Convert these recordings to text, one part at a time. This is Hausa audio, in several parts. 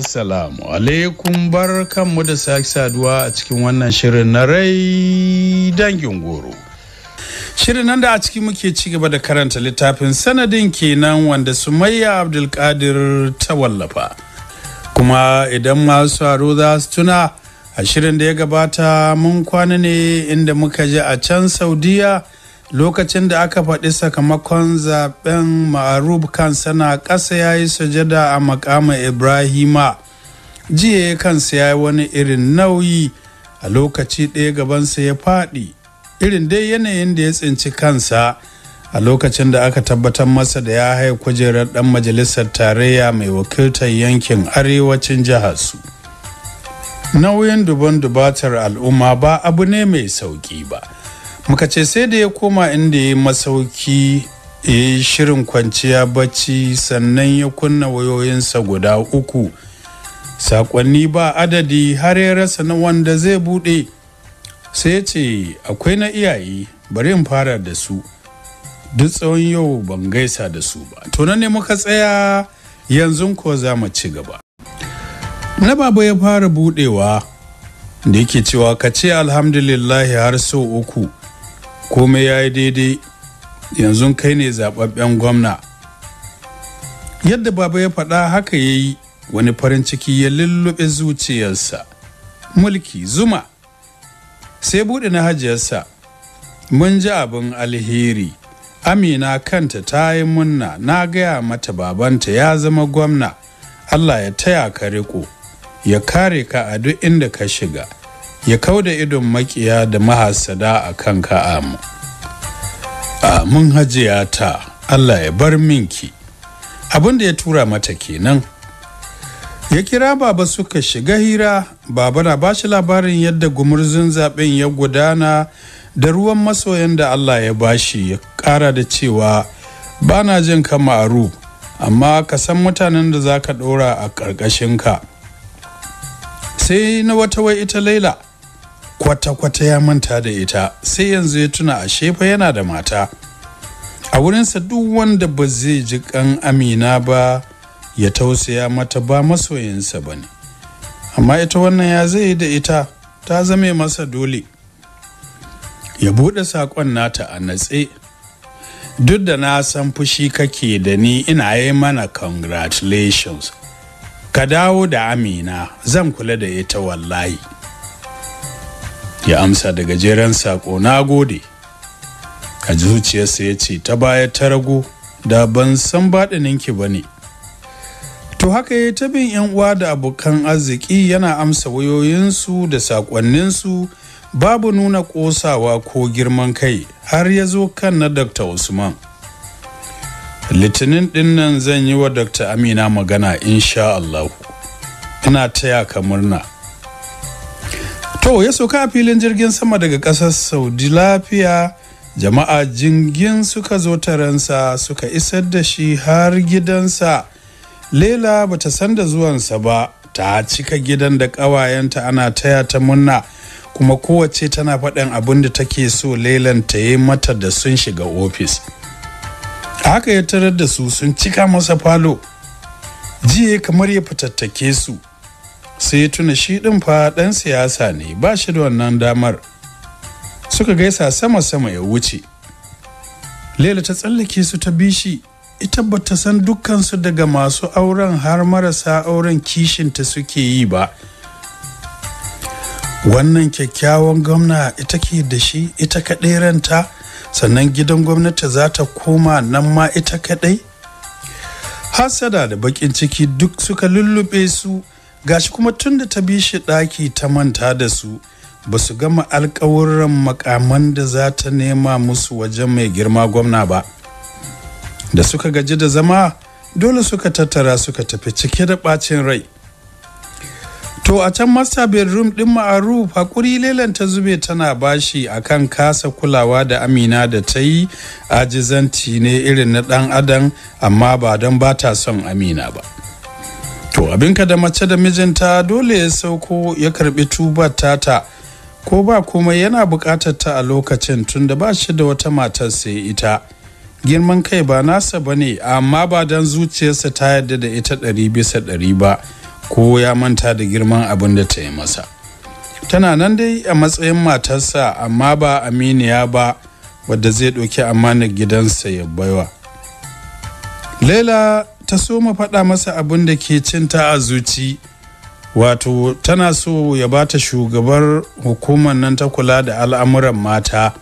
Assalamu alaikum bar kanmu da sake saduwa a cikin wannan shirin na rai dangin goro. Shirin nan da a ciki muke ci gaba da karanta littafin sanadin kenan wanda Sumayya Abdulkadir ta wallafa. Kuma idan masu haro za su tuna a shirin da ya gabata mun kwana ne inda muka je a can Saudiya. lokacin da aka faɗi sakamakon zaben ma'arub kan sana ƙasa ya yi sujada a makama ibrahima jiya kansa ya yi wani irin nauyi a lokaci ɗaya gabansa ya faɗi irin dai yanayin da ya tsinci kansa a lokacin da aka tabbatar masa da ya haifi kujerar ɗan majalisar tarayya mai wakiltar yankin arewacin jihar nauyin duban dubatar al'umma ba abu ne mai sauƙi ba muka ce sai da ya koma inda ya masauki ya yi shirin kwanciya bacci sannan ya kunna wayoyinsa guda uku sakonni ba adadi har ya rasa na wanda zai bude sai ya ce akwai na iyaye bari in fara da su duk tsawon yau ban gaisa da su ba to ne muka tsaya yanzu ko za mu ci gaba na baba ya fara budewa da yake cewa ka ce alhamdulillahi har sau uku komai ya yi daidai yanzu kai ne zaɓaɓɓen gwamna yadda baba ya faɗa haka ya yi wani farin ciki ya lullube zuciyarsa mulki zuma sai buɗe na hajiyarsa mun ji abin alheri amina kanta ta yi munna na gaya mata babanta ya zama gwamna allah ya taya ka riko ya kare ka a duk inda ka shiga ya kauda idon makiya da mahasada a kan A amin hajiya ta allah ya bar minki abin da ya tura mata kenan ya kira baba suka shiga hira baba na bashi labarin yadda gumurzun zaben ya gudana da ruwan masoyan da allah ya bashi ya kara da cewa ba na jin kamaru amma ka san mutanen da za ka ɗora a ƙarƙashinka sai na wata wai ita laila kwata-kwata ya manta da ita sai yanzu ya tuna a shefa yana da mata a wurinsa duk wanda ba zai ji kan amina ba ya tausaya mata ba masoyinsa ba ne amma ita wannan ya zai da ita ta zame masa dole ya buɗe saƙon nata a natse duk da na san fushi kake da ni ina yi mana congratulations ka dawo da amina zan kula da ita wallahi ya amsa da gajeren sako na gode a zuciyarsa ya ce ta baya ta rago da ban san baɗininki ba ne to haka ya ta bin yan uwa da abokan arziki yana amsa wayoyinsu da saƙonninsu babu nuna ƙosawa ko girman kai har ya zo kan na dr usman litinin dinnan zan yi wa dr amina magana insha allahu ina taya ka murna to ya sauka a filin jirgin sama daga ƙasar saudi lafiya jama'a jingin suka zo taransa suka isar da shi har gidansa lela bata san da zuwansa ba ta cika gidan da ƙawayenta ana taya ta munna kuma kowace tana faɗin abin da take so lelan ta yi mata da sun shiga ofis haka ya tarar da su sun cika masa falo jiye kamar ya fitattake su sai tuna shi ɗin fa ɗan siyasa ne ba shi da wannan damar suka gaisa sama-sama ya wuce Laila ta tsallake su ta bishi ita ba ta san dukkansu daga masu auren har marasa auren kishin ta suke yi ba wannan kyakkyawan gwamna ita ke da shi ita kaɗai ranta sannan gidan gwamnati za ta koma nan ma ita kaɗai hasada da baƙin ciki duk suka lullube su gashi kuma tun da ta bi shi ɗaki ta manta da su ba su gama alkawuran makaman da za ta nema musu wajen mai girma gwamna ba da suka gaji da zama dole suka tattara suka tafi cike da ɓacin rai to a can master bedroom ɗin ma'aruf hakuri lelan ta zube tana bashi akan kasa kulawa da amina da ta yi ajizanci ne irin na ɗan adam amma ba don ba ta son amina ba to ka da mace da mijinta dole ya sauko ya karbi tubar tata ko ba komai yana bukatar ta a lokacin tunda ba shi da wata matar sai ita girman kai ba nasa ba ne amma ba don zuciyarsa ta yadda da ita ɗari bisa ɗari ba ko ya manta da girman abin da ta yi masa tana nan dai a matsayin matarsa amma ba aminiya ba wadda zai ɗauki amanar gidansa ya baiwa laila ta so ma faɗa masa abin da ke ta a zuci wato tana so ya bata shugabar hukumar nan ta kula da al'amuran mata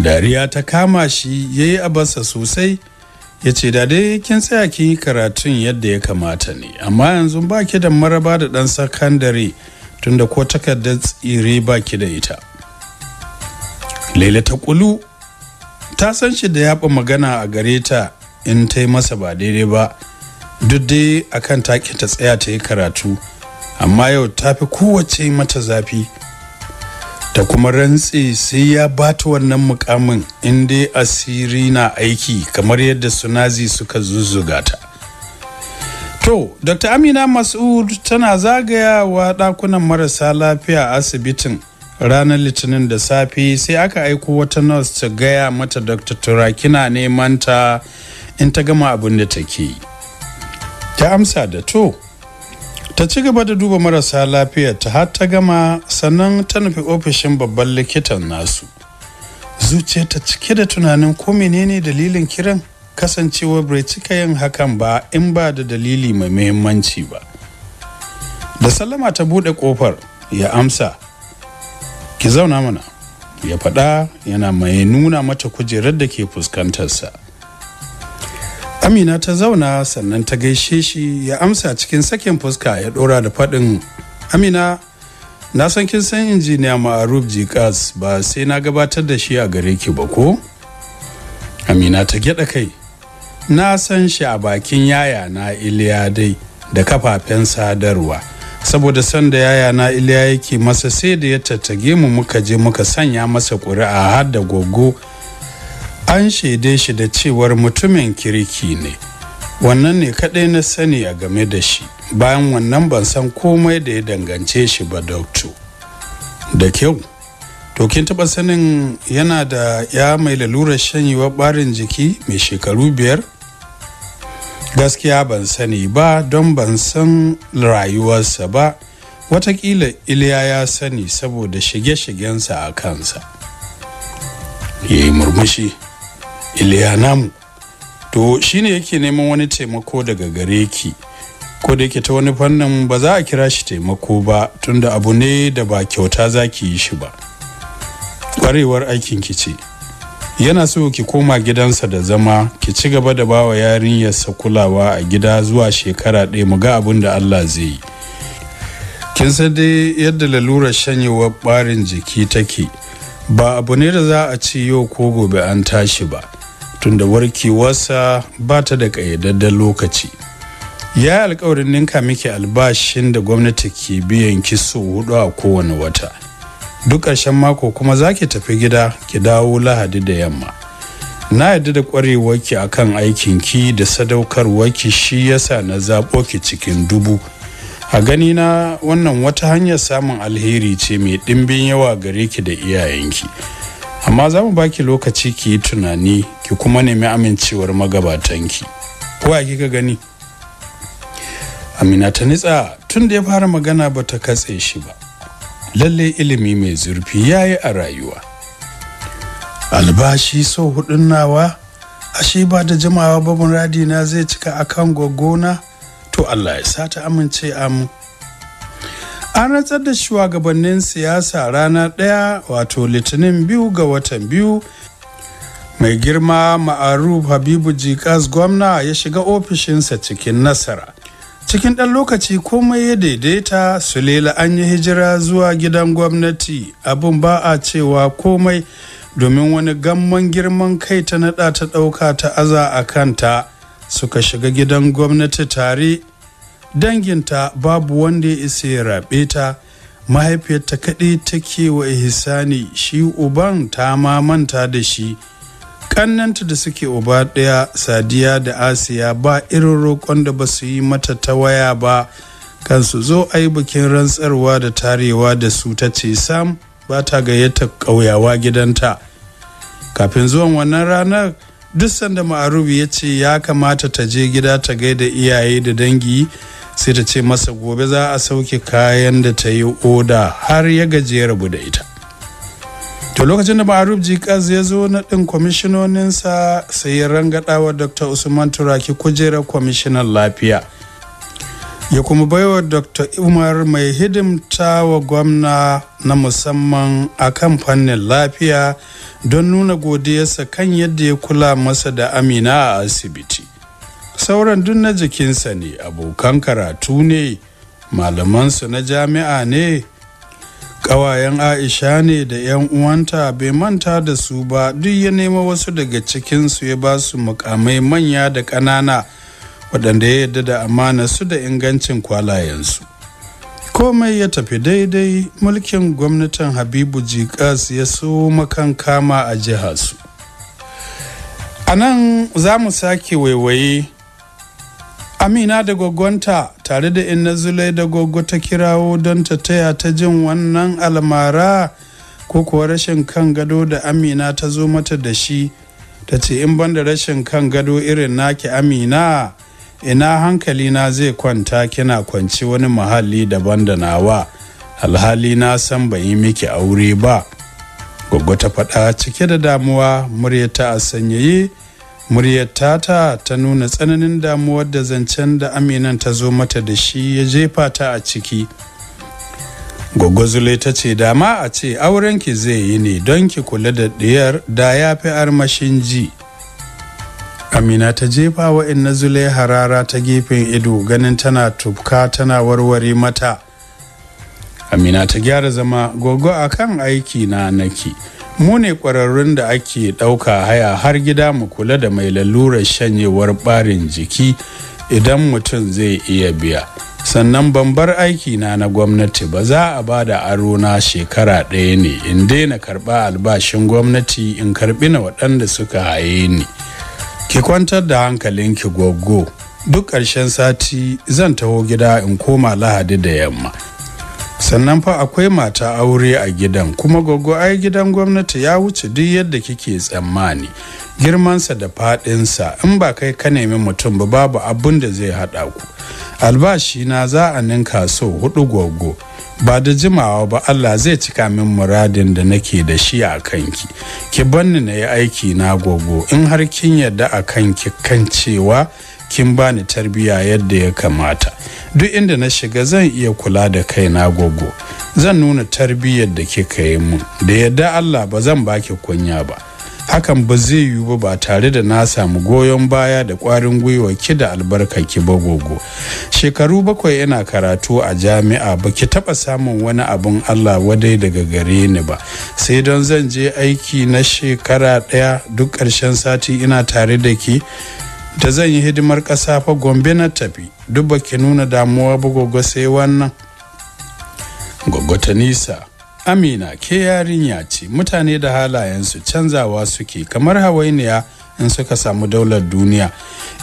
dariya ta kama shi ya yi abarsa sosai ya ce da dai kin tsaya kin yi karatun yadda ya kamata ne amma yanzu ba ki da maraba da ɗan sakandare tunda ko takardar tsire ba ki da ita laila ta kulu ta san shi da yaɓa magana a gare ta in ta yi masa ba daidai ba duk dai akan take ta tsaya ta yi karatu amma yau ta fi kowace mata zafi ta kuma rantse sai ya ba ta wannan mukamin in dai asiri na aiki kamar yadda sunazi suka zuzzuga ta to dr amina mas'ud tana zagayawa dakunan marasa lafiya asibitin ranar litinin da safe sai aka aiko wata nurse ta gaya mata dr turakina neman ta in ta gama abin da ta ke yi ta amsa da to ta ci gaba da duba marasa lafiya ta har ta gama sannan ta nufi ofishin babban likitan nasu zuciya ta cike da tunanin ko menene dalilin kiran kasancewar bai cika yin hakan ba in ba da dalili mai muhimmanci ba da sallama ta buɗe ƙofar ya amsa ki zauna mana ya faɗa yana mai nuna mata kujerar da ke fuskantarsa amina ta zauna sannan ta gaishe shi ya amsa cikin sakin fuska ya dora da faɗin amina na san kin san injiniya ma'aruf jikas ba sai na gabatar da shi a gare ki ba ko amina ta gyaɗa kai na san shi a bakin yaya na iliya dai da kafafen sadarwa saboda sanda da yaya na iliya yake masa sai da ya tattage mu muka je muka sanya masa ƙuri'a har da gogo an shaide shi da cewar mutumin kirki ne wannan ne kaɗai na sani a game da shi bayan wannan ban san komai da ya dangance shi ba dauto da kyau to kin taɓa sanin yana da ya mai lalurar shanyewar barin jiki mai shekaru biyar gaskiya ban sani ba don ban san rayuwarsa ba watakila iliya ya sani saboda shige-shigensa a kansa ya yi murmushi Ilyanamu to shine yake neman wani taimako daga gare ki ko da yake ta wani fannin ba za a kira shi taimako ba tunda abu ne da ba kyauta za ki yi shi ba ƙwarewar aikin ki ce yana so ki koma gidansa da zama ki ci gaba da bawa yarinyarsa kulawa a gida zuwa shekara ɗaya mu ga abin da Allah zai yi kin san dai yadda lalurar shanyewar ɓarin jiki take ba abu ne da za a ci yau ko gobe an tashi ba tunda warkewarsa ba ta da ƙayyadadden lokaci ya yi alkawarin ninka miki albashin da gwamnati ke biyan ki hudu a kowane wata duk ƙarshen mako kuma za ki tafi gida ki dawo lahadi da yamma na yarda da ƙwarewarki kan aikinki da sadaukarwarki shi yasa na zaɓo ki cikin dubu a gani na wannan wata hanyar samun alheri ce mai ɗimbin yawa gare ki da iyayenki amma za mu baki lokaci ki yi tunani ki kuma nemi amincewar magabatanki ko a kika gani amina ta nitsa tun da ya fara magana ba ta katse shi ba lalle ilimi mai zurfi ya yi a rayuwa albashi so hudun nawa ashe ba da jimawa babban radina zai cika akan gwaggona to allah ya sa ta amince amu an rantsar da shugabannin siyasa rana ɗaya wato litinin biyu ga watan biyu mai girma ma'aruf habibu jikas gwamna ya shiga ofishinsa cikin nasara cikin ɗan lokaci komai ya daidaita su an yi hijira zuwa gidan gwamnati abin ba a cewa komai domin wani gamman girman kai ta naɗa ta ɗauka ta aza a kanta suka shiga gidan gwamnati tare danginta babu wanda ya isa ya raɓe ta mahaifiyarta kaɗai take wa ihsani shi uban ta ma manta da shi Ƙannanta da suke uba ɗaya sadiya da asiya ba irin roƙon da ba su yi mata ta waya ba kansu zo a yi bikin rantsarwa da tarewa da su ta ce sam ba ta gayyata ƙauyawa gidanta kafin zuwan wannan ranar duk sanda ma'arubi ya ce ya kamata ta je gida ta gaida iyaye da dangi sai ta ce masa gobe za a sauke kayan da ta yi oda har ya gaji ya rabu da ita to lokacin da ma'arub jikas ya zo na ɗin kwamishinoninsa sai ya rangada wa dr usman turaki kujerar kwamishinan lafiya ya kuma baiwa dr umar mai hidimta wa gwamna na musamman a kan fannin lafiya don nuna godiyarsa kan yadda ya kula masa da amina a asibiti sauran duk na jikinsa ne abokan karatu ne malamansu na jami'a ne ƙawayen aisha ne da 'yan uwanta bai manta da su ba duk ya nema wasu daga cikinsu ya ba su mukamai manya da ƙanana waɗanda ya yarda da amana su da ingancin kwalayensu komai ya tafi daidai mulkin gwamnatin habibu jikas ya so makan kama a jihar su a nan za mu sake waiwaye amina da gwaggonta tare da inna zulai da gwaggo ta kirawo don ta taya ta jin wannan almara ko kuwa rashin kan gado da amina ta zo mata da shi ta ce in ban da rashin kan gado irin naki amina ina hankali na zai kwanta kina kwanci wani muhalli daban da nawa alhali na san bai yi miki aure ba gwaggo ta faɗa cike da damuwa murya ta a sanyaye muryar ta nuna tsananin damuwar da zancen da aminan ta zo mata da shi ya jefa ta a ciki gwaggwazule ta ce dama a ce aurenki zai yi ne don ki kula da ɗiyar da ya fi armashin ji amina ta jefa wa inna zule harara ta gefen ido ganin tana tufka tana warware mata amina ta gyara zama gogo akan aiki na naki mu ne ƙwararrun da ake ɗauka haya har gida mu kula da mai lalurar shanyewar ɓarin jiki idan mutum zai iya biya sannan bambar aiki na na gwamnati ba za a ba da aro na shekara ɗaya ne in daina karɓa albashin gwamnati in karɓi na waɗanda suka haye ni ki kwantar da hankalin ki goggo duk ƙarshen sati zan taho gida in koma lahadi da yamma sannan fa akwai mata aure a gidan kuma gogo ai gidan gwamnati ya wuce duk yadda kike tsammani girmansa da fadinsa in ba kai ka nemi mutum ba babu abun da zai haɗa ku albashi na za a ninka so hudu gogo ba da jimawa ba Allah zai cika min muradin da nake da shi a kanki ki banni na yi aiki na gogo in har kin yadda a kanki kan cewa kin bani tarbiya yadda ya kamata duk inda na shiga zan iya kula da kai na gogo zan nuna tarbiyyar da kika yi mun da yadda Allah ba zan baki kunya ba hakan ba zai yiwu ba ba tare da na samu goyon baya da ƙwarin gwiwa ki da albarka ki ba gogo shekaru bakwai ina karatu a jami'a ba ki taɓa samun wani abun allah wadai daga gare ni ba sai don zan je aiki na shekara ɗaya duk ƙarshen sati ina tare da ki da zan yi hidimar ƙasa fa gombe na tafi duk ba ki nuna damuwa ba gogo sai wannan gogo nisa amina ke yarinya ce mutane da halayensu canzawa suke kamar hawainiya in suka samu daular duniya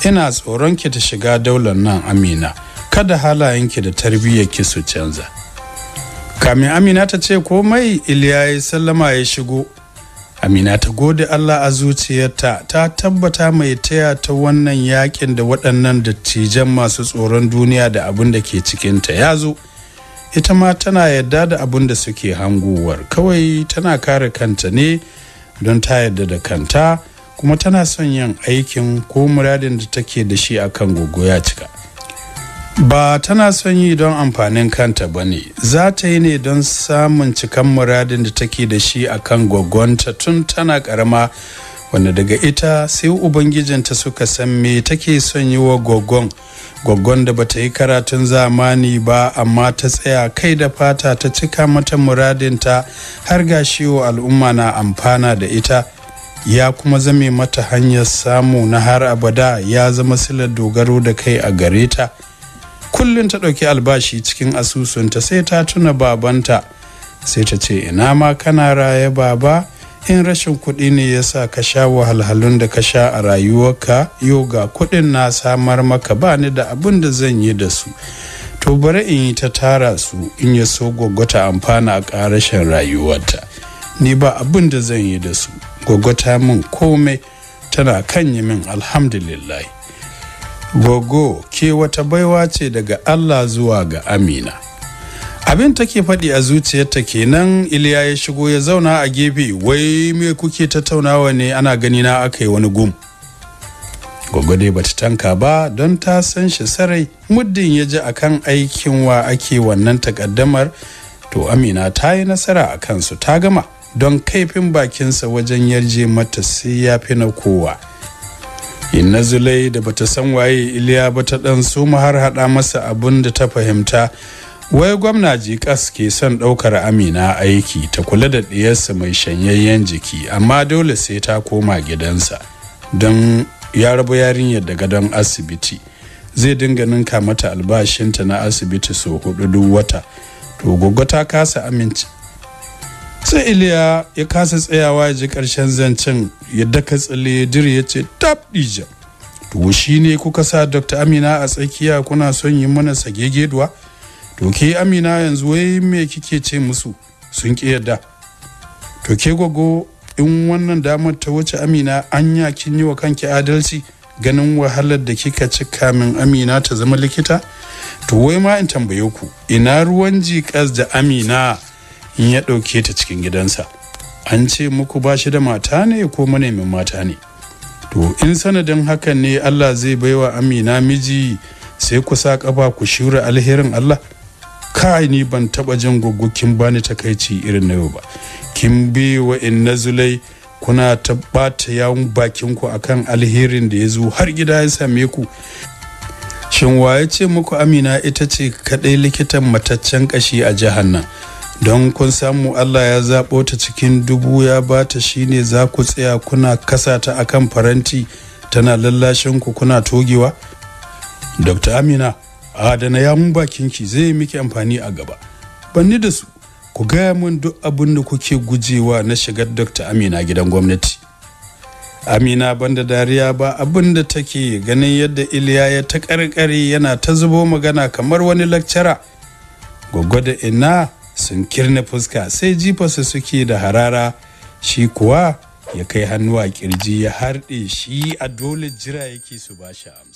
ina tsoron ki ta shiga daular nan amina kada halayenki da tarbiyyarki su canza kamin amina ta ce komai iliya ya sallama ya shigo amina ta gode allah a zuciyarta ta tabbata mai taya ta wannan yakin da waɗannan dattijan masu tsoron duniya da abin da ke cikinta ya zo ita ma tana yarda da abin da suke hanguwar kawai tana kare kanta ne don ta yarda da kanta kuma tana son yin aikin ko muradin da take da shi akan gogoya cika ba tana son yi don amfanin kanta ba ne za ta yi ne don samun cikan muradin da take da shi a kan ta tun tana karama wanda daga ita sai ubangijinta suka san me take son yi wa gwaggon gwaggon da bata yi karatun zamani ba amma ta tsaya kai da fata ta cika mata muradinta har ga wa al'umma na amfana da ita ya kuma zame mata hanyar samu na har abada ya zama silar dogaro da kai a gare ta kullum ta ɗauki albashi cikin asusunta sai ta tuna babanta sai ta ce ina ma kana raye baba in rashin kuɗi ne ya sa ka sha wahalhalun da ka sha a rayuwarka yoga kuɗin na samar maka ba ni da abin da zan yi da su to bari in yi ta tara su in ya so gwaggwata amfana a ƙarashin rayuwarta ni ba abin da zan yi da su gwaggwata min komai tana kan yi min alhamdulillah gogo ke wata baiwa ce daga allah zuwa ga amina abin take faɗi a zuciyarta kenan iliya ya shigo ya zauna a gefe wai me kuke tattaunawa ne ana gani na aka yi wani gum gogo dai bata tanka ba don ta san shi sarai muddin ya ji akan aikin wa ake wannan takaddamar to amina ta yi nasara a kansu ta gama don kaifin bakinsa wajen yarje mata sai ya fi na kowa inna zulai da bata san waye iliya ba ta dan suma har hada masa abun da ta fahimta wai gwamna jikas ke son daukar amina aiki ta kula da diyarsa mai shanyayyen jiki amma dole sai ta koma gidansa don ya rabu yarinyar da gadon asibiti zai dinga ninka mata albashinta na asibiti so hudu duk wata to goggo ta kasa amince sai iliya ya kasa tsayawa ya ji ƙarshen zancen ya daka tsale dire ya ce tap dija to shi ne kuka sa dr amina a tsakiya kuna son yi mana sagegeduwa to ke amina yanzu wai me kike ce musu sun ki yadda to ke gwago in wannan damar ta wuce amina anya kin yi wa kanki adalci ganin wahalar da kika ci kamin amina ta zama likita to wai ma in tambaye ku ina ruwan jikas da amina in ya ɗauke ta cikin gidansa an ce muku ba shi da mata ne ko manemin mata ne to in sanadin hakan ne allah zai baiwa amina miji sai ku sa ƙafa ku shura alherin allah kai ni ban taɓa jin guggukin bani takaici irin na yau ba kin bi wa in na zulai kuna ta ɓata bakin bakinku akan alherin da ya zo har gida ya same ku shin waye ce muku amina ita ce kaɗai likitan mataccen ƙashi a jihar nan don kun samu Allah ya zaɓo ta cikin dubu ya bata shine za ku tsaya kuna kasa ta akan faranti tana lallashin ku kuna togewa Dr. Amina adana ya mun bakinki zai miki amfani a gaba banni da su ku gaya mun duk abin da kuke gujewa na shigar Dr. Amina gidan gwamnati Amina banda dariya ba abin da take ganin yadda Iliya ya ta karkare yana ta zubo magana kamar wani lakcara gwaggwada ina sun kirne fuska sai jifarsa suke da harara shi kuwa ya kai hannu a kirji ya harɗe shi a dole jira yake su ba shi amsa